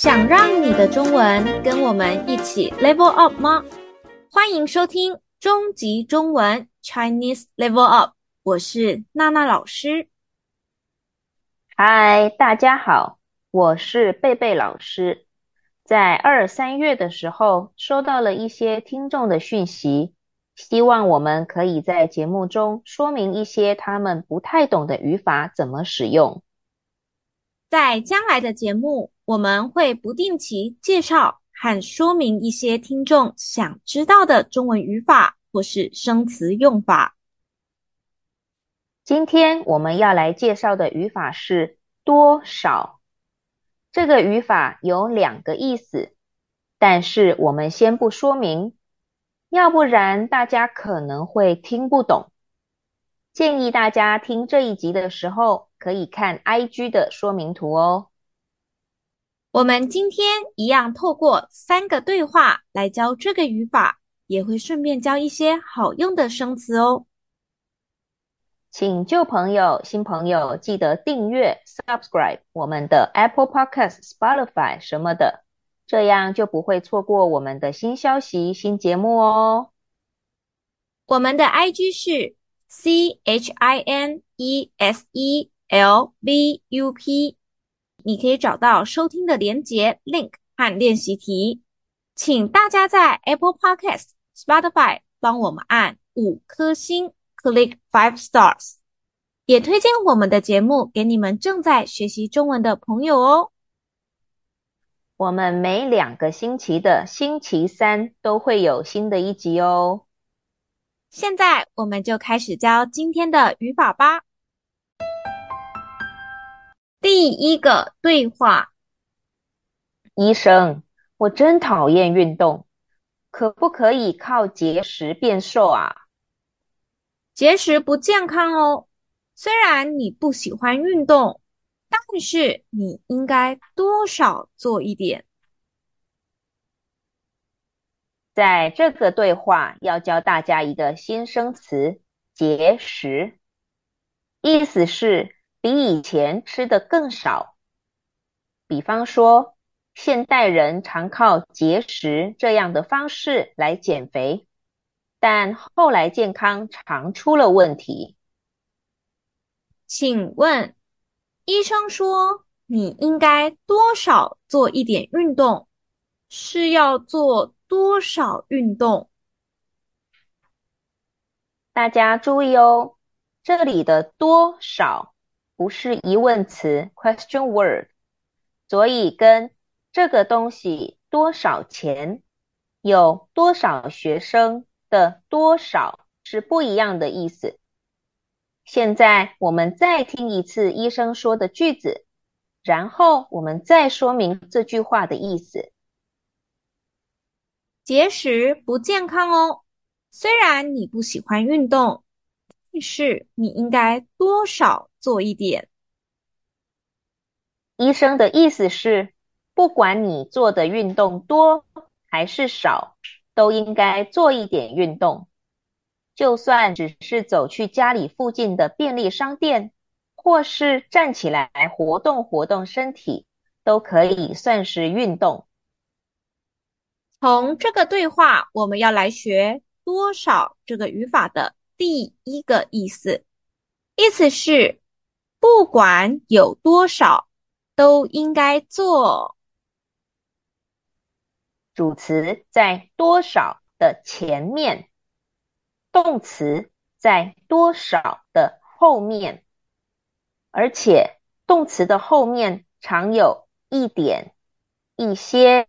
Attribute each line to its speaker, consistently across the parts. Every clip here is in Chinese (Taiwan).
Speaker 1: 想讓你的中文跟我們一起 level up 嗎？歡迎收聽《終極中文 Chinese Level Up》，我是娜娜老師。嗨，大家好，我是貝貝老師。在二三月的時候，收到了一些聽眾的訊息，希望我們可以在節目中說明一些他們不太懂的語法怎麼使用。在將來的節目，我們會不定期介紹和說明一些聽眾想知道的中文語法或是生詞用法。今天我們要來介紹的語法是“多少”。這個語法有兩個意思，但是我們先不說明，要不然大家可能會聽不懂。建議大家聽這一集的時候，可以看 IG 的說明圖哦。我們今天一樣，透過三個對話來教這個語法，也會順便教一些好用的生詞哦。請舊朋友、新朋友記得訂閱 （subscribe） 我們的 Apple Podcast、Spotify 什麼的，這樣就不會錯過我們的新消息、新節目哦。我們的 IG 是 C H I N E S E L V U P。你可以找到收聽的連結 link 和練習題，請大家在 Apple Podcast、Spotify 幫我們按五顆星 click five stars，也推薦我們的節目給你們正在學習中文的朋友哦。我們每兩個星期的星期三都會有新的一集哦。現在我們就開始教今天的語法吧。第一個對話：醫生，我真討厭運動，可不可以靠節食變瘦啊？節食不健康哦。雖然你不喜歡運動，但是你應該多少做一點。在這個對話要教大家一個新生詞“節食”，意思是。比以前吃得更少。比方說，現代人常靠節食這樣的方式來減肥，但後來健康常出了問題。請問，醫生說你應該多少做一點運動，是要做多少運動？大家注意哦，這裡的多少。不是疑問詞 question word，所以跟這個東西多少錢、有多少學生的多少是不一樣的意思。現在我們再聽一次醫生說的句子，然後我們再說明這句話的意思。節食不健康哦，雖然你不喜歡運動，但是你應該多少做一點。醫生的意思是，不管你做的運動多還是少，都應該做一點運動。就算只是走去家裡附近的便利商店，或是站起來活動活動身體，都可以算是運動。從這個對話，我們要來學“多少”這個語法的第一個意思，意思是。不管有多少，都應該做。主詞在多少的前面，動詞在多少的後面，而且動詞的後面常有一點、一些、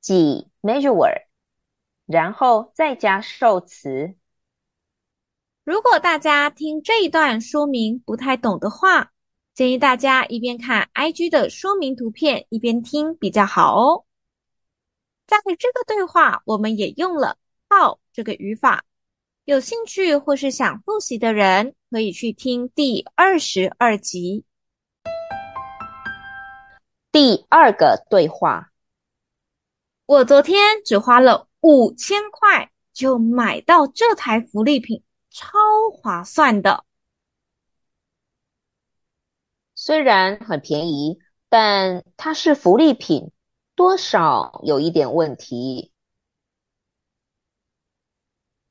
Speaker 1: 幾 （measure word），然後再加受詞。如果大家聽這一段說明不太懂的話，建議大家一邊看 IG 的說明圖片，一邊聽比較好哦。在這個對話，我們也用了 “how” 這個語法。有興趣或是想複習的人，可以去聽第二十二集。第二個對話，我昨天只花了五千塊就買到這台福利品。超划算的，雖然很便宜，但它是福利品，多少有一點問題。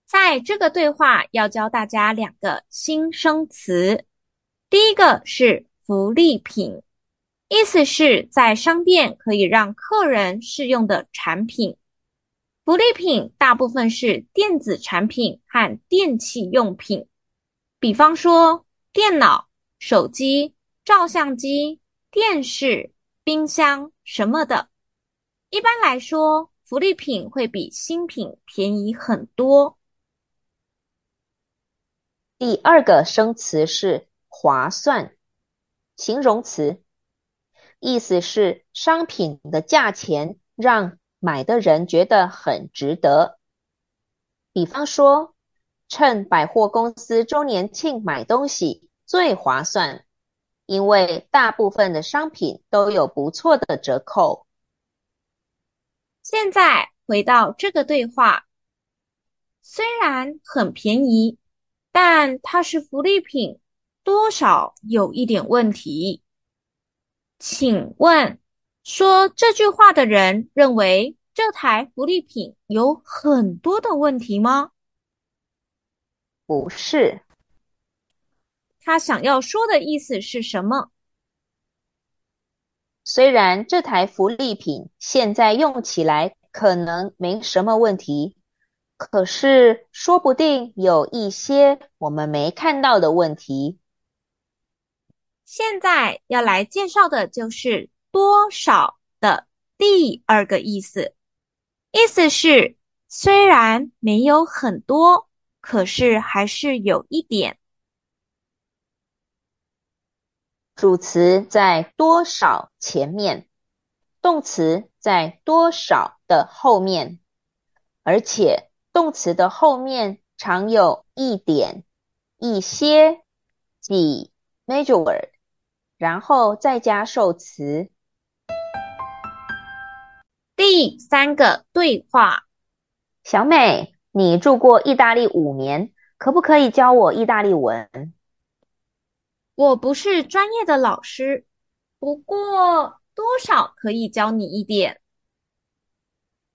Speaker 1: 在這個對話要教大家兩個新生詞，第一個是福利品，意思是在商店可以讓客人試用的產品。福利品大部分是電子產品和電器用品，比方說電腦、手機、照相機、電視、冰箱什麼的。一般來說，福利品會比新品便宜很多。第二個生詞是“划算”，形容詞，意思是商品的價錢讓。買的人覺得很值得，比方說，趁百貨公司周年慶買東西最划算，因為大部分的商品都有不錯的折扣。現在回到這個對話，雖然很便宜，但它是福利品，多少有一點問題。請問？說這句話的人認為這台福利品有很多的問題嗎？不是。他想要說的意思是什麼？雖然這台福利品現在用起來可能沒什麼問題，可是說不定有一些我們沒看到的問題。現在要來介紹的就是。多少的第二個意思，意思是雖然沒有很多，可是還是有一點。主詞在多少前面，動詞在多少的後面，而且動詞的後面常有一點、一些，幾 measure word，然後再加受詞。第三個對話：小美，你住過意大利五年，可不可以教我意大利文？我不是專業的老師，不過多少可以教你一點。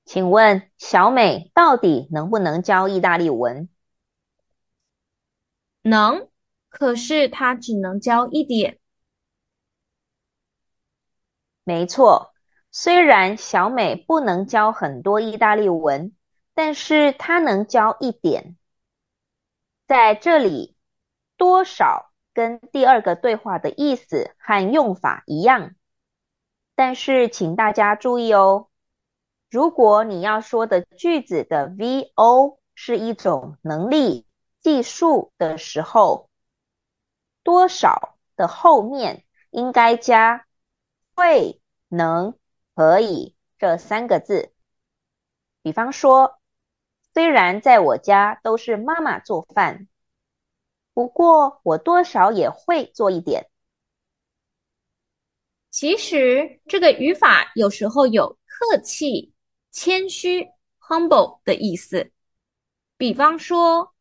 Speaker 1: 請問小美到底能不能教意大利文？能，可是她只能教一點。沒錯。雖然小美不能教很多意大利文，但是她能教一點。在這裡，多少跟第二個對話的意思和用法一樣，但是請大家注意哦，如果你要說的句子的 VO 是一種能力、技術的時候，多少的後面應該加會、能可以，這三個字，比方說，雖然在我家都是媽媽做飯，不過我多少也會做一點。其實這個語法有時候有客氣、謙虛、humble 的意思。比方說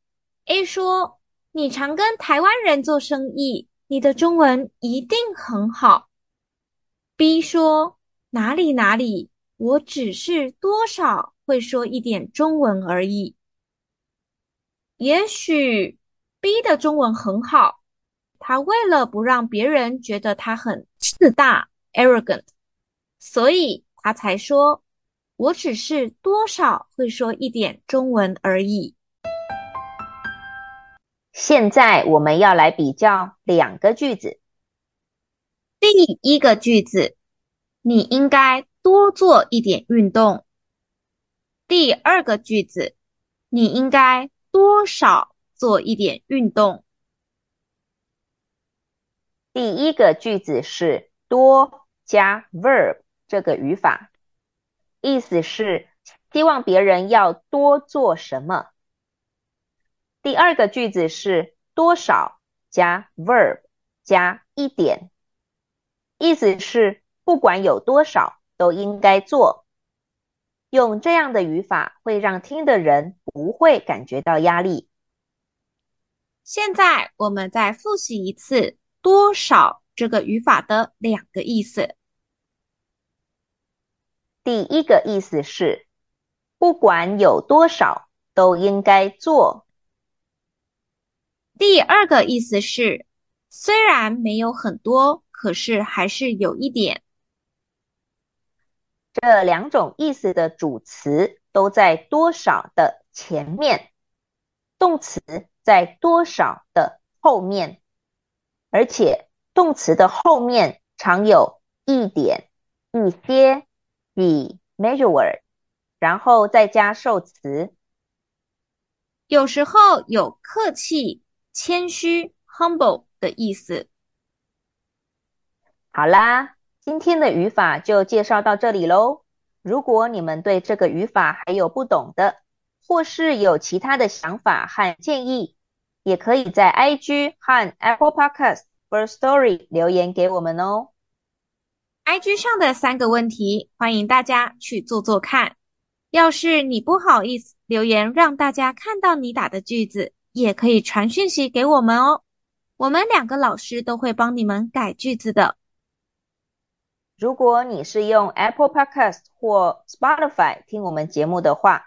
Speaker 1: ，A 說：“你常跟台灣人做生意，你的中文一定很好。” B 說：哪裡哪裡，我只是多少會說一點中文而已。也許 B 的中文很好，他為了不讓別人覺得他很自大 （arrogant），所以他才說：“我只是多少會說一點中文而已。”現在我們要來比較兩個句子。第一個句子。你應該多做一點運動。第二個句子，你應該多少做一點運動。第一個句子是多加 verb 這個語法，意思是希望別人要多做什麼。第二個句子是多少加 verb 加一點，意思是。不管有多少，都應該做。用這樣的語法會讓聽的人不會感覺到壓力。現在我們再複習一次“多少”這個語法的兩個意思。第一個意思是，不管有多少，都應該做。第二個意思是，雖然沒有很多，可是還是有一點。這兩種意思的主詞都在“多少”的前面，動詞在“多少”的後面，而且動詞的後面常有一點、一些、be、measure word 然後再加受詞。有時候有客氣、謙虛、humble 的意思。好啦。今天的語法就介紹到這裡嘍。如果你們對這個語法還有不懂的，或是有其他的想法和建議，也可以在 IG 和 Apple Podcast Firstory 留言給我們哦。IG 上的三個問題，歡迎大家去做做看。要是你不好意思留言讓大家看到你打的句子，也可以傳訊息給我們哦。我們兩個老師都會幫你們改句子的。如果你是用 Apple Podcast 或 Spotify 聽我們節目的話，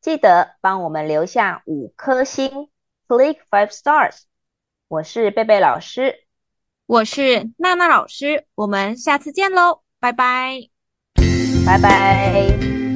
Speaker 1: 記得幫我們留下五顆星，Click Five Stars。我是貝貝老師，我是娜娜老師，我們下次見嘍，拜拜，拜拜。